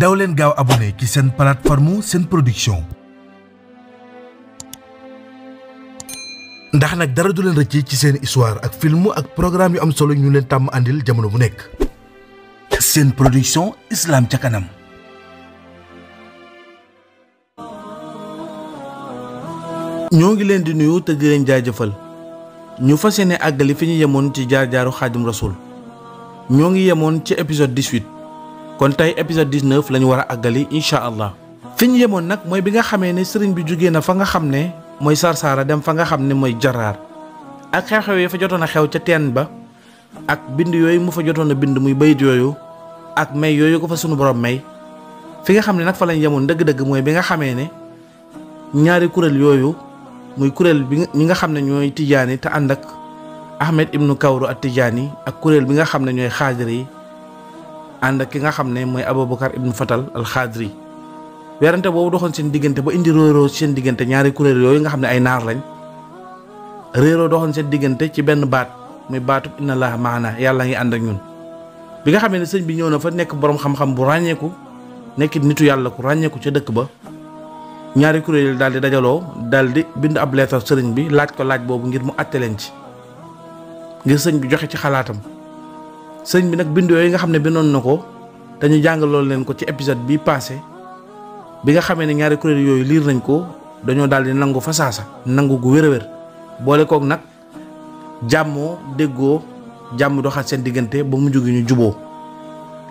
daw leen gaaw abonné ci seen plateforme seen production ndax nag dara du leen rëcc ci seen histoire ak film ak programme yu am solo ñu leen tàmm àndil jamono bu nekk seen production islam ca kanam ñoo ngi leen di nuyu te di leen jaajëfal ñu fas yéene fi ñu yemoon ci jaar jaaru xaadim rasul ñoo ngi yemoon ci épisode 18 kon episode épisode 19 lañu wara agali, àggali allah fi ñu yemoon nag bi nga xamee ne sëriñ bi jugee na fa nga xam ne mooy sarsaara dem fa nga xam ne mooy ak xew-xew ya fa jotoon xew ca teen ba ak bind yooyu mu fa jotoon bind muy bayit ak may yooyu ko fa sunu borom may fi nga xam ne nag fa lañ yemoon dëgg-dëgg mooy bi nga xamee ne ñaari kuréel yooyu muy kuréel bi ñi nga Ahmed Ibnu Kawru at tijaani ak kurel bi nga xam ne ànd ak ki nga xam ne mooy Aboubacar ibn Fatal al-Khadri werante boobu doxoon seen diggante ba indi réeroo seen diggante ñaari kuréel yooyu nga xam ne ay naar lañ réeroo doxoon seen diggante ci benn baat muy baatub inna allah maana yàlla ngi ànd ak ñun. bi nga xamee ne sëñ bi ñëw na fa nekk boroom xam-xam bu ràññeeku nekkit nitu yàlla ku ràññeeku ca dëkk ba ñaari kuréel daal di dajaloo daal di bind ab leetar sëriñ bi laaj ko laaj boobu ngir mu àtte leen ci ngir sëñ bi joxe ci xalaatam. sëñ bi nag bind yooyu nga xam ne bindoon na ko dañu jàngaloon leen ko ci épisode bi passé bi nga xamee ne ñaari kuréel yooyu liir nañ ko dañoo daal di nangu fasaasa saasa nangu gu wér a wér boole kook nag jàmmoo déggoo jàmm doxaat seen diggante ba mu jóge ñu juboo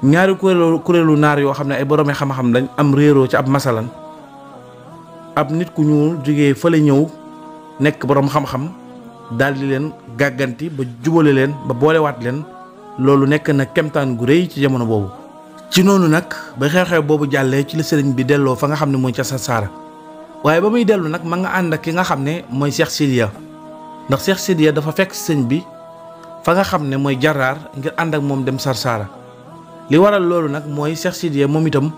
ñaari kuréelu kuréelu naar yoo xam ne ay boroomi xam-xam lañ am réeroo ci ab masalan ab nit ku ñuul jógee fële ñëw nekk boroom xam-xam daal di leen gàgganti ba jubale leen ba boolewaat leen loolu nekk na kemtaan gu rëy ci jamono boobu ci noonu nag ba xew-xew boobu jàllee ci la sëriñ bi delloo fa nga xam ne mooy ca Sarsara waaye ba muy dellu nag ma nga ànd ak ki nga xam ne mooy Cheikh Sidiya ndax Cheikh Sidiya dafa fekk sëñ bi fa nga xam ne mooy jaraar ngir ànd ak moom dem Sarsara li waral loolu nag mooy Cheikh Sidiya moom itam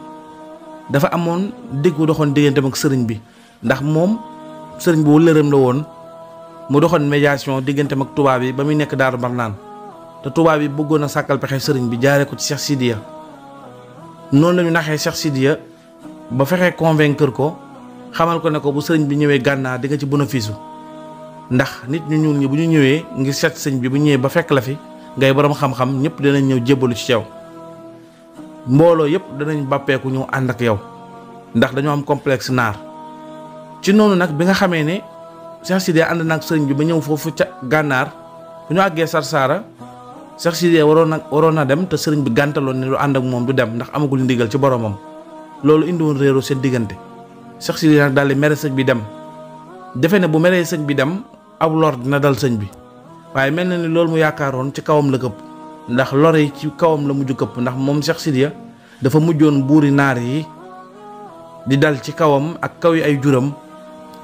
dafa amoon diggu doxoon digganteem ak sëriñ bi ndax moom sëriñ bi wëllëreem la woon mu doxoon médiation digganteem ak tubaab yi ba muy nekk Daaru Marnaan te tubaab yi bëggoon sakal sàkkal pexe sëriñ bi jaaree ko ci Cheikh Sidiya noonu la ñu Cheikh Sidiya ba fexee convaincre ko xamal ko ne ko bu sëriñ bi ñëwee gànnaar di nga ci bénéfice ndax nit ñu ñuul ñi bu ñu ñëwee ngir seet sëñ bi bu ñëwee ba fekk la fi ngay borom xam-xam ñëpp danañ ñëw jébbalu ci yow mbooloo yëpp danañ bàppeeku ñëw ànd ak yow ndax am complexe naar ci noonu nag bi nga xamee ne Cheikh Sidiya ànd na ak bi ba ñëw bu ñu Sarsara Saksi sidé waroon ak waroon a dem te sëriñ bi gàntaloon ne lu ànd ak moom du dem ndax amagul ndigal ci boromam loolu indi woon réeroo seen diggante cheikh sidé nag daal di sëñ bi dem defe bu sëñ bi dem ab lor dina dal sëñ bi waaye mel ni loolu mu yaakaaroon ci kawam la këpp ndax lore ci kawam la mujj këpp ndax moom sidé dafa yi di dal ci kawam ak kaw ay juram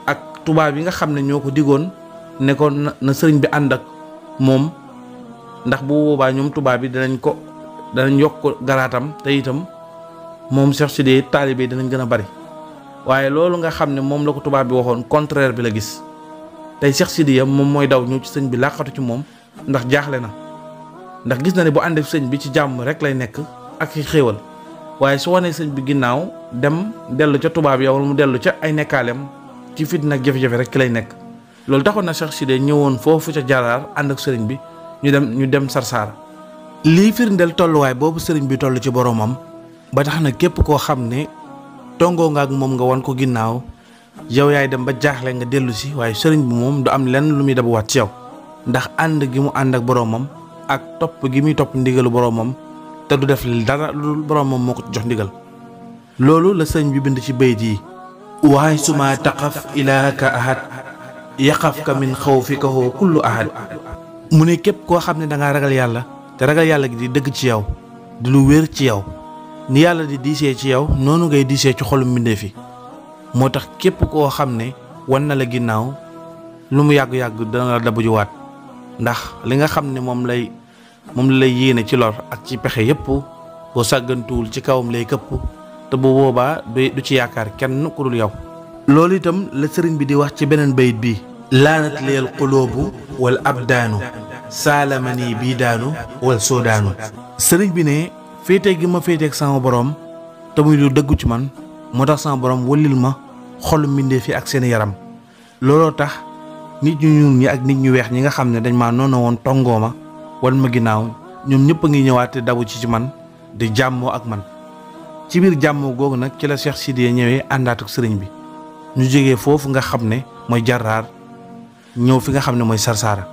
ak tuba bi nga xam digon ñoo ko ko na bi ànd ak ndax bu boobaa ñoom tubaab bi danañ ko danañ yokk garaatam te itam moom cheikh sidé taalibe danañ gën a bari waaye loolu nga xam ne moom la ko tubaab bi waxoon contraire bi la gis tey cheikh sidé ya mom mooy daw ñëw ci sëñ bi làqatu ci moom ndax jaaxle na ndax gis na ne bu bi ci jàmm rek lay nekk ak xéewal waaye su wanee sëñ bi ginnaaw dem dellu ca tubaab ya wala mu dellu ca ay nekkaaleem ci fitna ak jafe-jafe rek ki lay nekk loolu taxoon na cheikh sidé ñëwoon foofu ca jaraar ànd ak bi ñu dem ñu dem sarsaar lii firndeel tolluwaay boobu sëriñ bi toll ci boromam ba tax na képp koo xam ne tongoo nga ak moom nga wan ko ginnaaw yow yaay dem ba jaaxle nga dellu si waaye sëriñ bi moom du am lenn lu muy dabuwaat ci yow ndax ànd gi mu ànd ak boromam ak topp gi muy topp ndigalu boromam te du def dara lu boromam moo ko jox ndigal loolu la sëriñ bi bind ci bayit yi waay suma taqaf ilaaka ahad yaqaf ka min xawfika hoo kullu ahad mu ne képp koo xam ne da ragal yàlla te ragal yàlla gi di dëgg ci yow di lu wér ci yow ni yàlla di diisee ci yow noonu ngay diisee ci xolum mbindeef yi moo tax képp koo xam ne wan na la ginnaaw lu mu yàgg-yàgg dana la dabujuwaat ndax li nga xam ne moom lay moom lay yéene ci lor ak ci pexe yépp boo sàggantuwul ci kawam lay këpp te bu boobaa du ci yaakaar kenn ku dul yow loolu itam la sëriñ bi di wax ci beneen bayit bi laanat bu quloobu ab abdaanu saalamani bii daanu wal soo daanu sëriñ bi ne féete gi ma féeteeg sama boroom te muy lu dëggu ci man moo tax sama boroom wëllil ma xolu mbindee fi ak seen yaram looloo tax nit ñu ñuul ñi ak nit ñu weex ñi nga xam ne dañ maa noonu woon tongoo ma wan ma ginnaaw ñoom ñëpp a ngi ñëwaat te dabu ci ci man di jàmmoo ak man ci biir jàmmoo googu nag ci la Cheikh Sidiya ñëwee àndaat sëriñ bi ñu jóge foofu nga xam ne mooy jarraar ñëw fi nga xam ne mooy Sarsara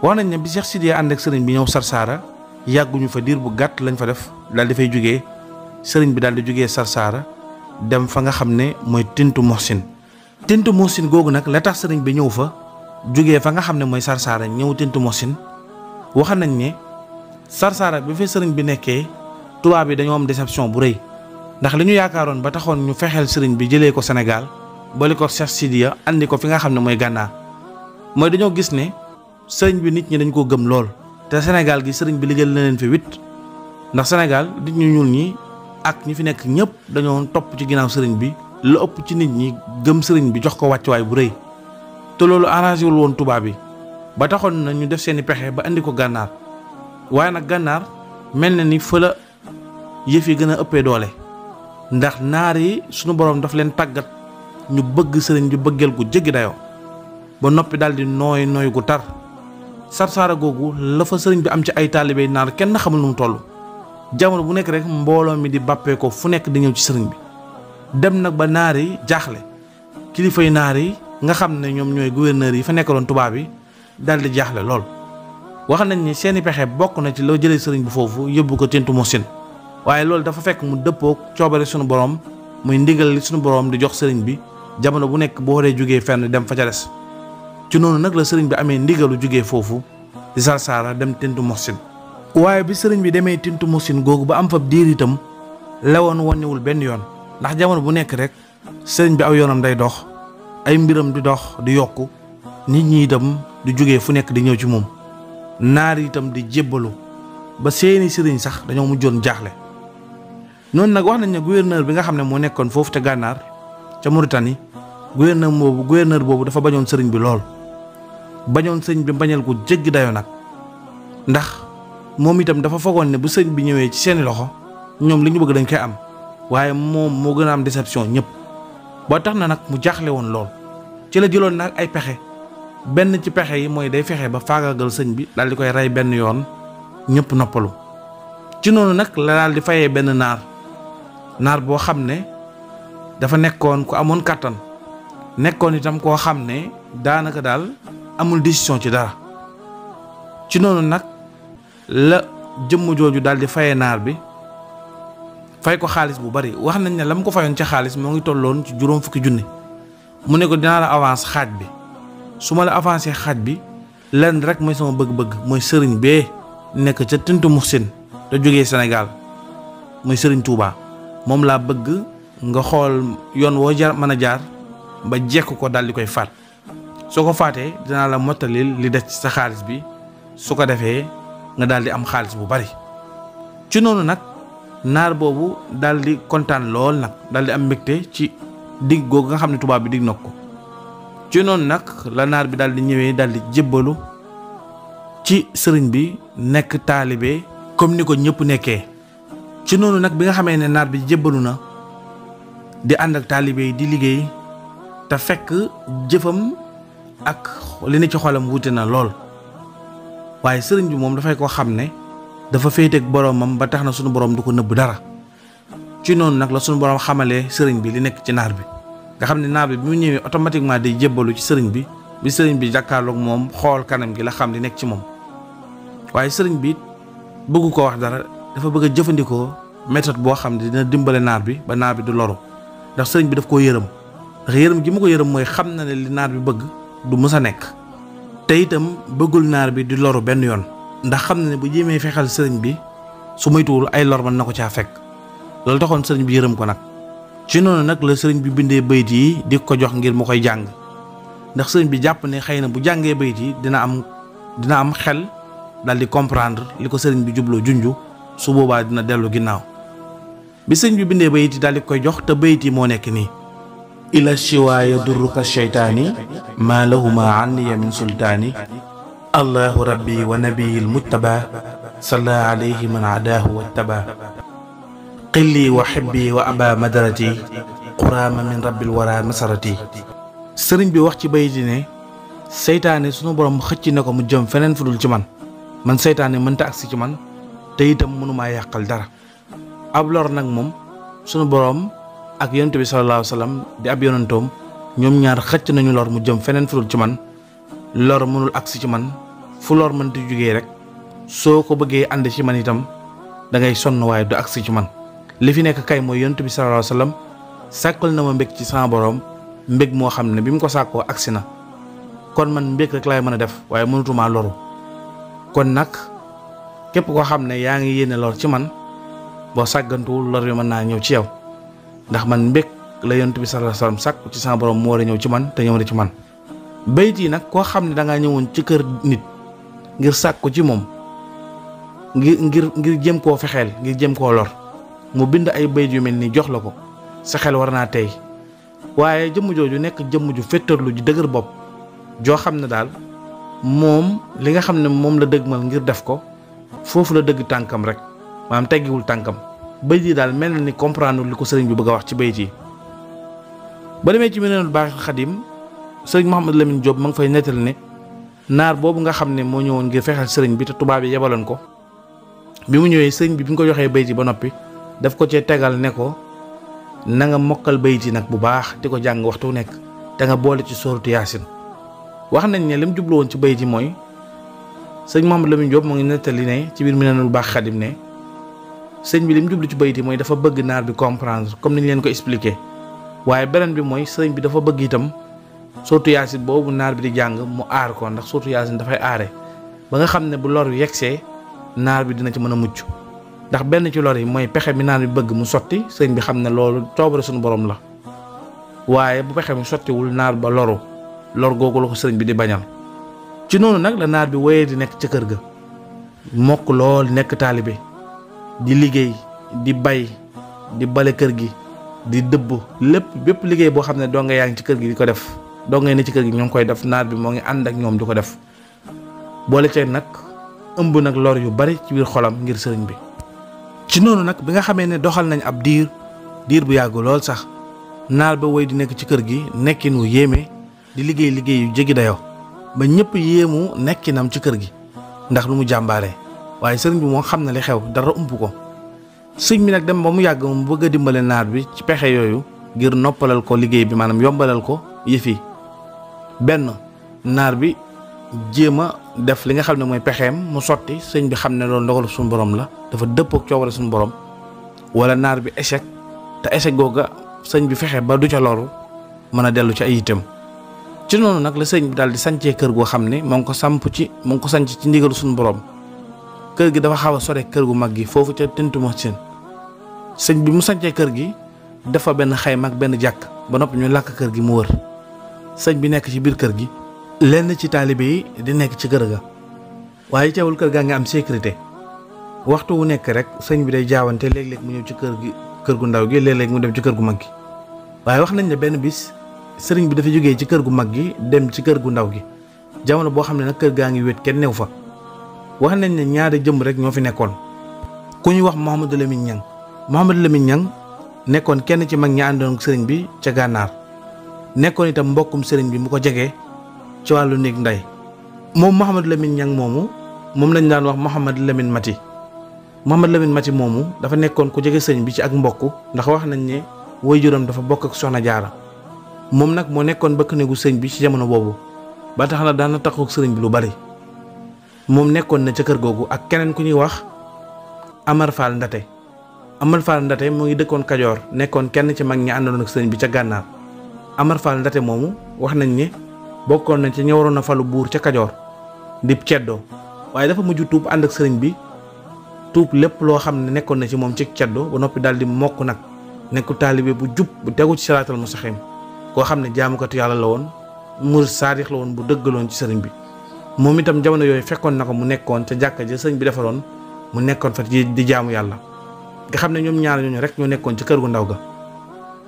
wax nañ ne bi Cheikh Sidiya ànd ak sëriñ bi ñëw Sarsara yàgguñu fa diir bu gàtt lañ fa def daal di fay jugee sëriñ bi daal di jugee Sarsara dem fa nga xam ne mooy Tintu Mohsin Tintu Mohsin googu nag la tax sëriñ bi ñëw fa jugee fa nga xam ne mooy Sarsara ñëw Tintu Mohsin wax nañ ne Sarsara bi fi sëriñ bi nekkee tubaab yi dañoo am déception bu rëy ndax li ñu yaakaaroon ba taxoon ñu fexeel sëriñ bi jëlee ko Sénégal boole ko Cheikh Sidiya andi ko fi nga xam ne mooy Gànnaar mooy dañoo gis ne sëriñ bi nit ñi dañ koo gëm lool te Sénégal gi sëriñ bi liggéeyal na leen fi wit ndax Sénégal nit ñu ñuul ñi ak ñi fi nekk ñëpp dañoo topp ci ginnaaw sëriñ bi la ëpp ci nit ñi gëm sëriñ bi jox ko wàccuwaay bu rëy te loolu arrangé woon tubaab bi ba taxoon na ñu def seeni pexe ba indi ko gànnaar waaye nag gànnaar mel na ni fëla yëf yi gën a ëppee doole ndax naar yi suñu borom daf leen tàggat ñu bëgg sëriñ bi bëggeel gu jéggi dayoo. ba noppi daal di nooy nooy gu tar sarsaara googu la fa sëriñ bi am ci ay taalibey naar kenn xamul nu mu toll jamono bu nekk rek mbooloo mi di bàppee ko fu nekk di ñëw ci sëriñ bi dem nag ba naar yi jaaxle kilifa yi naar yi nga xam ne ñoom ñooy gouverneur yi fa nekkaloon tubaab yi daal di jaaxle lool. wax nañ ni seeni pexe bokk na ci loo jëlee sëriñ bi foofu yóbbu ko Tintu Mosin waaye loolu dafa fekk mu dëppook coobare suñu borom muy ndigal li suñu borom di jox sëriñ bi jamono bu nekk boo waree jógee fenn dem fa ca des ci noonu nag la sëriñ bi amee ndigalu jógee foofu di Sarsara dem Tintu Moxsin waaye bi sëriñ bi demee Tintu Moxsin googu ba am fab diir itam lewoon wàññiwul benn yoon ndax jamono bu nekk rek sëriñ bi aw yoonam day dox ay mbiram di dox di yokku nit ñi itam di jóge fu nekk di ñëw ci moom naar itam di jébbalu ba seeni sëriñ sax dañoo mujjoon jaaxle noonu nag wax nañ ne gouverneur bi nga xam ne moo nekkoon foofu te gànnaar ca Mauritanie gouverneur boobu gouverneur boobu dafa bañoon sëriñ bi lool bañoon sëñ bi bañal ko jéggi dayoo nag ndax moom itam dafa fogoon ne bu sëñ bi ñëwee ci seeni loxo ñoom li ñu bëgg dañ koy am waaye moom moo gën a am déception ñëpp ba tax na nag mu jaaxle woon lool ci la jëloon nag ay pexe benn ci pexe yi mooy day fexe ba faagaagal sëñ bi daal di koy rey benn yoon ñëpp noppalu ci noonu nag la daal di fayee benn naar naar boo xam ne dafa nekkoon ku amoon kàttan nekkoon itam koo xam ne daanaka daal amul décision ci dara ci noonu nag la jëmm jooju daal di faye bi fay ko xaalis bu bari wax nañ ne lam ko fayoon ca xaalis moo ngi tolloon ci juróom fukki junni mu ne ko dinaa la avance xaaj bi su ma la avancé xaaj bi lenn rek mooy sama bëgg-bëgg mooy sëriñ bee nekk ca tintu muxsin te jógee sénégal muy sëriñ tuuba bëgg nga jaar jaar ba ko daal di koy soo ko faatee dinaa la mottalil li des ci sa xaalis bi su ko defee nga daal di am xaalis bu bari ci noonu nag naar boobu daldi kontaan lool nag daal di am mbégte ci digg googu nga xam ne tubaab bi digg na ko ci noonu nag la naar bi daal di ñëwee daal di jébbalu ci sëriñ bi nekk taalibe comme ni ko ñëpp nekkee ci noonu nag bi nga xamee ne naar bi jébbalu na di ànd ak taalibe yi di liggéey te fekk jëfam ak li ne ci xolam wuute na lool waaye sëriñ bi moom dafay ko xam ne dafa féeteeg boromam ba tax na sunu borom du ko nëbb dara ci noonu nag la sunu borom xamalee sëriñ bi li nekk ci naar bi nga xam ne naar bi bi mu ñëwee automatiquement day jébbalu ci sëriñ bi bi sëriñ bi jàkkaarloog moom xool kanam gi la xam li nekk ci moom waaye sëriñ bi bëgg ko wax dara dafa bëgg a jëfandikoo méthode boo xam ne dina dimbale naar bi ba naar bi du loru ndax sëriñ bi daf koo yërëm du mës a nekk te itam bëggul naar bi di loru benn yoon ndax xam ne bu jéemee fexal sëriñ bi su moytuwul ay lor mën na ko caa fekk loolu taxoon sëriñ bi yërëm ko nag ci noonu nag la sëriñ bi bindee bayit yi di ko jox ngir mu koy jàng ndax sëriñ bi jàpp ne xëy na bu jàngee bayit yi dina am dina am xel daal di comprendre li ko sëriñ bi jubloo junju su boobaa dina dellu ginnaaw bi sëriñ bi bindee bayit yi daal di koy jox te bayit yi moo nekk nii إلى الشواء يدرك الشيطان ما لهما عني من سلطان الله ربي ونبي المتبى صلى عليه من عداه واتبع قلي وحبي وأبا مدرتي قرام من رب الورى مسرتي سرين بي وقت بيجيني سيطان سنو برام خطي نكو مجم فنن فدول جمان من سيطاني من تأكسي جمان تيدم منو ما يقل دار أبلور نغموم سنو برام ak yonent bi sallallahu alayhi wa sallam ñoom ñaar xëcc nañu lor mu jëm feneen fudul ci man lor mënul agsi man fu mën di jógee rek soo ko bëggee ànd ci man itam da ngay sonn waaye du agsi ci man li fi nekk kay mooy yonent bi sallallahu alayhi wa sallam na ma mbég ci sama boroom mbég moo xam ne bi mu ko sàkkoo agsi na kon man mbég rek laay mën a def waaye mënatumaa loru kon nag képp koo xam ne yaa ngi yéene lor ci man boo sàggantuwul lor bi mën naa ñëw ci yow ndax man mbég la yonent bi sallallahu alayhi wasallam sàkku ci sama borom moo war a ñëw ci man te ñëw na ci man bayit yi nag koo xam ne da ngaa ñëwoon ci kër nit ngir sàkku ci moom ngir ngir ngir jëm koo fexeel ngir jëm koo lor mu bind ay bayit yu mel nii jox la ko sa xel war naa tey waaye jëmm jooju nekk jëmm ju féttarlu ju dëgër bopp joo xam ne daal moom li nga xam ne moom la dëgg ma ngir def ko foofu la dëgg tànkam rek maanaam teggiwul tànkam bayit yi daal mel na ni comprendre li ko sëriñ bi bëgg a wax ci bayit yi ba demee ci meneenul baax xadim sëriñ Mouhamadou Lamine Diop ma nga fay nettal ne naar boobu nga xam ne moo ñëwoon ngir fexeel sëriñ bi te tubaab yi yebaloon ko bi mu ñëwee sëriñ bi bi nga ko joxee bayit yi ba noppi daf ko cee tegal ne ko na nga mokkal bayit yi nag bu baax di ko jàng waxtu nekk te nga boole ci sóoratu yaasin wax nañ ne li mu jublu woon ci bayit yi mooy sëriñ Mouhamadou Lamine Diop mu ngi nettali ne ci biir meneenul baax xadim ne sëñ bi li mu jublu ci bayit yi mooy dafa bëgg naar bi comprendre comme ni ñu leen ko expliqué waaye beneen bi mooy sëñ bi dafa bëgg itam sootu yaasin boobu naar bi di jàng mu aar ko ndax sootu yaasin dafay aare ba nga xam ne bu lor yegsee naar bi dina ci mën a mucc ndax benn ci lor yi mooy pexe mi naar bi bëgg mu sotti sëñ bi xam ne loolu toobare suñu borom la waaye bu pexe mi sottiwul naar ba loru lor googu la ko sëñ bi di bañal ci noonu nag naar bi wéyee di nekk ca kër ga mokk lool nekk taalibe di liggéey di bay di bale kër gi di dëbb lépp bépp liggéey boo xam ne donga yaa ngi ci kër gi di ko def donga ne ci kër gi ñoo ngi koy def naar bi moo ngi ànd ak ñoom du ko def boole nag ëmb nag lor yu bari ci biir xolam ngir sëriñ bi. ci noonu nag bi nga xamee ne doxal nañu ab diir diir bu yàgg lool sax naar ba woy di nekk ci kër gi nekkin wu yéeme di liggéey liggéey yu jéggi dayoo ba ñëpp yéemu nekkinam ci kër gi ndax lu mu jàmbaaree. waaye sëriñ bi moom xam na li xew dara ump ko sëñ bi nag dem ba mu yàgg mu bëgg a dimbale bi ci pexe yooyu ngir noppalal ko liggéey bi maanaam yombalal ko yefi yi benn naar bi jéem a def li nga xam ne mooy mu bi xam ne loolu borom la dafa dëpp ak coobare suñu borom wala naar bi échec te échec googa sëñ bi fexe ba du ca loru mën a dellu ci ay itam ci noonu nag la sëñ bi daal di sancee kër goo xam ne ngi ko samp ci ngi ko sanc ci borom kër gi dafa xaw a sore kër gu mag gi foofu ca tintu mo sëñ bi mu sancee kër gi dafa benn xayma ak benn jàkk ba noppi ñu làkk kër gi mu wër sëñ bi nekk ci biir kër gi lenn ci taalibe yi di nekk ci kër ga waaye teewul kër gaa ngi am sécurité waxtu wu nekk rek sëñ bi day jaawante léeg-léeg mu ñëw ci kër gi kër gu ndaw gi léeg-léeg mu dem ci kër gu mag gi waaye wax nañ ne benn bis sëriñ bi dafa jógee ci kër gu mag gi dem ci kër gu ndaw gi jamono boo xam ne nag kër gaa ngi wét kenn new fa wax nañ ne ñaari jëmm rek ñoo fi nekkoon ku ñu wax Mouhamadou Lamine ñan Mouhamadou Lamine Niang nekkoon kenn ci mag ñi àndoon sëriñ bi ca gànnaar nekkoon itam mbokkum sëriñ bi mu ko jege ci wàllu néeg ndey moom Mouhamadou lemin Niang moomu moom lañu daan wax Mouhamadou lemin Mati Mouhamadou Lamine Mati moomu dafa nekkoon ku jege sëriñ bi ci ak mbokk ndax wax nañ ne waajuram dafa bokk ak a jaara moom nag moo nekkoon bëkk néegu sëriñ bi ci jamono boobu ba tax na daan na sëriñ bi lu bari moom nekkoon na ca kër googu ak keneen ku ñuy wax Amar Fall Ndate Amar Ndate mu ngi dëkkoon Kajoor nekkoon kenn ci mag ñi àndoon ak sëñ bi ca gànnaar Amar Fall Ndate moomu wax nañ ne bokkoon na ci ña waroon a falu buur ca Kajoor di ceddoo waaye dafa mujj tuub ànd ak sëriñ bi tuub lépp loo xam ne nekkoon na ci moom ci ceddoo ba noppi daal di mokk nag nekku taalibe bu jub bu tegu ci siraatal mustaqiim koo xam ne jaamukatu yàlla la woon murid saadix la woon bu dëggaloon ci sëriñ bi moom itam jamono yooyu fekkoon na ko mu nekkoon ca jàkka ja sëñ bi defaroon mu nekkoon fa di jaamu yàlla nga xam ne ñoom ñaar ñooñu rek ñoo nekkoon ci kër gu ndaw ga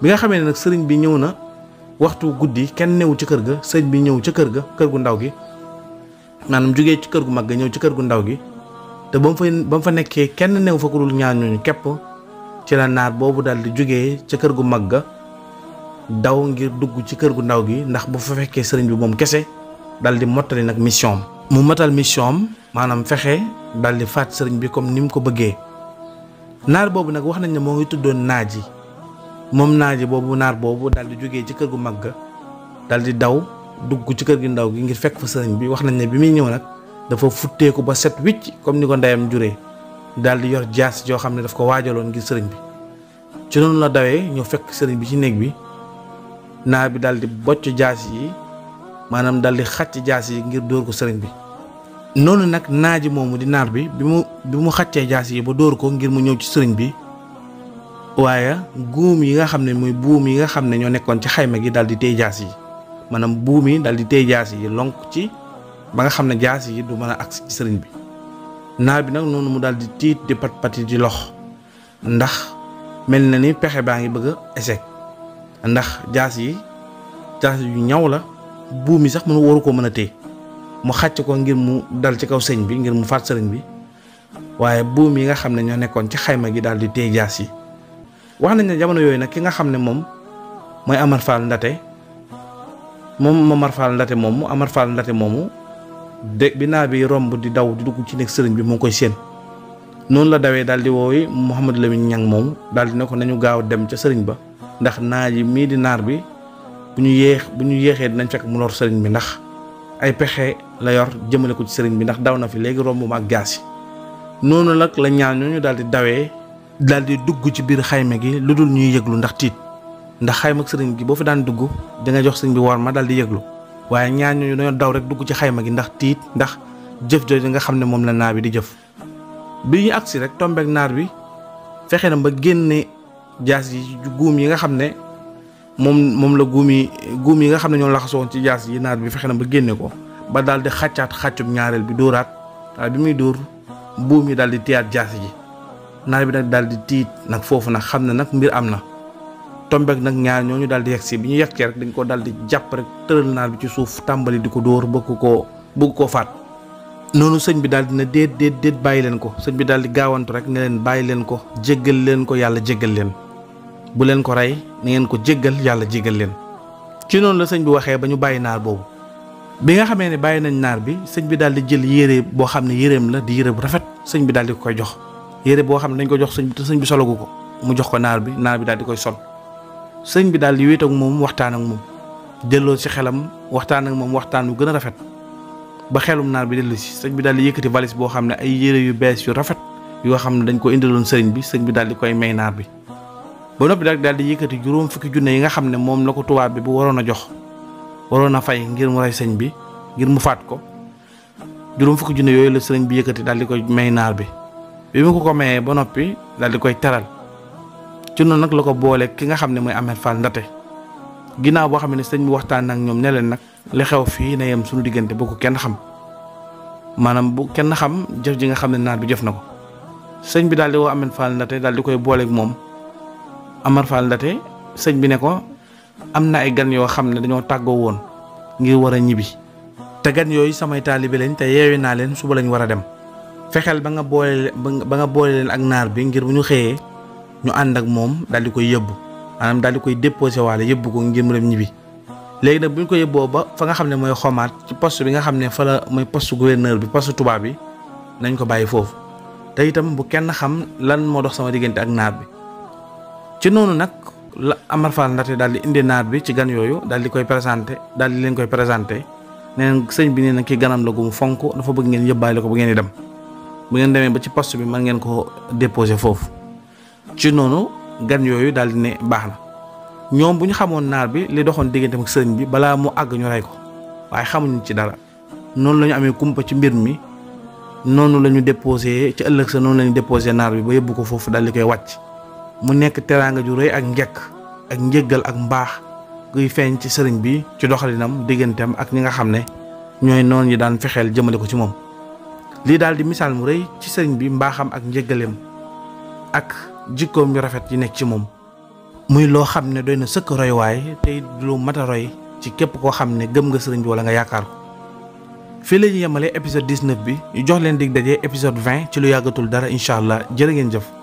bi nga xamee ne nag sëriñ bi ñëw na waxtu guddi kenn newu ci kër ga sëñ bi ñëw ca kër ga kër gu ndaw gi maanaam jugee ci kër gu mag ga ñëw ci kër gu ndaw gi te ba mu fa ba fa nekkee kenn new fa ku ñaar ñooñu képp ci la naar boobu daal di jugee ca kër gu mag ga daw ngir dugg ci kër gu ndaw gi ndax bu fa sëriñ bi moom kese dal di mottali nag mission mu matal mission am maanaam fexe dal di faat sëriñ bi comme ni mu ko bëggee naar boobu nag wax nañ ne moo ngi tuddoon naaj yi moom naaj boobu naar boobu dal di jógee ci kër gu mag ga dal di daw dugg ci kër gi ndaw gi ngir fekk fa sëriñ bi wax nañ ne bi muy ñëw nag dafa futteeku ba set wicc comme ni ko ndeyam juree daal di yor jaas joo xam ne daf ko waajaloon ngir sëriñ bi ci noonu la dawee ñëw fekk sëriñ bi ci néeg bi naar bi daal bocc jaas yi maanaam dal di xàcc jaas yi ngir dóor ko sëriñ bi noonu nag naaji moomu di naar bi bi mu bi mu xàccee jaas yi ba dóor ko ngir mu ñëw ci sëriñ bi waaye guum yi nga xam ne muy buum yi nga xam ne ñoo nekkoon ci xayma gi dal di téy jaas yi maanaam buum yi dal di téy jaas yi lonk ci ba nga xam ne jaas yi du mën a agsi sëriñ bi naar bi nag noonu mu dal di tiit di pat pati di lox ndax mel na ni pexe baa ngi bëgg a ndax jaas yi jaas yu ñaw la buum yi sax mënu waru ko mën a téye mu xàcc ko ngir mu dal ci kaw sëñ bi ngir mu faat sëriñ bi waaye buum yi nga xam ne ñoo nekkoon ci xayma gi daal di téye jaas yi wax nañ ne jamono yooyu nag ki nga xam ne moom mooy Amar Fall Ndate moom Mamar Fall Ndate moomu Amar Fall Ndate moomu dé bi naar bi romb di daw di dugg ci nekk sëriñ bi mu ngi koy séen noonu la dawee daal di woowi Mouhamadou Lamine Niang moomu dal di ne ko nañu gaaw dem ca sëriñ ba ndax naa mii di naar bi bu ñu yéexee dinañ fekk mu lor sëriñ bi ndax ay pexe la yor jëmale ko ci sëriñ bi ndax daw na fi léegi romb ma ak gaas yi noonu nag la ñaar ñooñu daal di dawee daal di dugg ci biir xayma gi lu dul ñuy yëglu ndax tiit ndax xayma sëriñ gi boo fi daan dugg da jox sëriñ bi war ma daal di yëglu waaye ñaar ñooñu dañoo daw dugg ci xayma gi ndax tiit ndax jëf jooju nga xam ne moom la naar bi di jëf bi ñu agsi rek tombeek naar bi fexe na ba génne jaas yi guum yi nga xam ne moom moom la guum yi guum yi nga xam ne ñoo laxasoon ci jaas yi naar bi fexe na ba génne ko ba daal di xàccaat xàccub ñaareel bi dóoraat waaye bi muy dóor buum yi daal di tiyaat jaas ji naar bi nag daal di tiit nag foofu nag xam ne nag mbir am na tombeek nag ñaar ñooñu daal di yegg bi ñu yegg rek dañ ko daal di jàpp rek tëral naar bi ci suuf tàmbali di ko dóor bëgg koo bëgg koo faat noonu sëñ bi daal dina déet déet déet bàyyi leen ko sëñ bi daal di gaawantu rek ne leen bàyyi leen ko jéggal leen ko yàlla jéggal leen bu leen ko rey na ngeen ko jéggal yàlla jéggal leen ci noonu la sëñ bi waxee ba ñu bàyyi naar boobu bi nga xamee ne bàyyi nañ naar bi sëñ bi daal di jël yére boo xam ne yéreem la di yére bu rafet sëñ bi daal di ko koy jox yére boo xam ne dañ ko jox sëñ bi te sëñ bi solagu ko mu jox ko naar bi naar bi daal di koy sol sëñ bi daal di wéet ak moom waxtaan ak moom delloo ci xelam waxtaan ak moom waxtaan wu gën a rafet ba xelum naar bi dellu si sëñ bi daal di yëkkati valise boo xam ne ay yére yu bees yu rafet yoo xam ne dañ ko indiloon sëriñ bi sëñ bi daal di koy may naar bi ba noppi nag daal di yëkkati juróom fukki junne yi nga xam ne moom la ko tubaab bi bu waroon a jox waroon a fay ngir mu rey sëñ bi ngir mu faat ko juróom fukki junne yooyu la sëriñ bi yëkkati daal di koy may naar bi bi mu ko ko mayee ba noppi daal di koy teral ci noonu nag la ko boole ki nga xam ne mooy Ahmed Fall Ndate ginnaaw boo xam ne sëñ bu waxtaan ak ñoom ne leen nag li xew fii na yem suñu diggante bu kenn xam maanaam bu kenn xam jëf ji nga xam ne naar bi jëf na ko sëñ bi daal di woo Ahmed Fall Ndate daal di koy booleeg moom. Amar Ndate sëñ bi ne ko am na ay gan yoo xam ne dañoo tàggoo woon ngir war a ñibbi te gan yooyu samay taalibe lañ te yeewi naa leen suba lañ war a dem fexeel ba nga boole ba nga boole leen ak naar bi ngir bu ñu xëyee ñu ànd ak moom dal di koy yëbbu maanaam daal di koy déposé waale yëbbu ko ngir mu dem ñibbi léegi nag bu ñu ko yëbboo ba fa nga xam ne mooy xomaat ci post bi nga xam ne fa la mooy poste gouverneur bi poste tubaab bi nañ ko bàyyi foofu te itam bu kenn xam lan moo dox sama diggante ak naar bi. ci noonu nag la Amar Fall Ndaté daal di indi naar bi ci gan yooyu daal di koy présenté dal di leen koy présenté nee sëñ bi nee na kii ganam la gu mu fonk dafa bëgg ngeen yóbbaale ko bu ngeen di dem bu ngeen demee ba ci poste bi mën ngeen ko déposé foofu ci noonu gan yooyu daal di ne baax na ñoom bu ñu xamoon naar bi li doxoon diggante ak sëriñ bi balaa mu àgg ñu rey ko waaye xamuñu ci dara noonu la ñu amee kumpa ci mbir mi noonu la ñu déposé ci ëllëg sa noonu déposé naar bi ba yóbbu ko foofu daal di koy wàcc. mu nekk teraanga ju rëy ak njëkk ak njëggal ak mbaax guy feeñ ci sëriñ bi ci doxalinam digganteem ak ñi nga xam ne ñooy noon yi daan fexeel jëmale ko ci moom lii daal di misaal mu rëy ci sëriñ bi mbaaxam ak njëggaleem ak jikkoom yu rafet yi nekk ci moom muy loo xam ne doy na sëkk roywaay tey lu mat a roy ci képp koo xam ne gëm nga sëriñ bi wala nga yaakaar ko fii la ñu yemalee épisode 19 bi ñu jox leen dig daje épisode 20 ci lu yàggatul dara incha allah jërë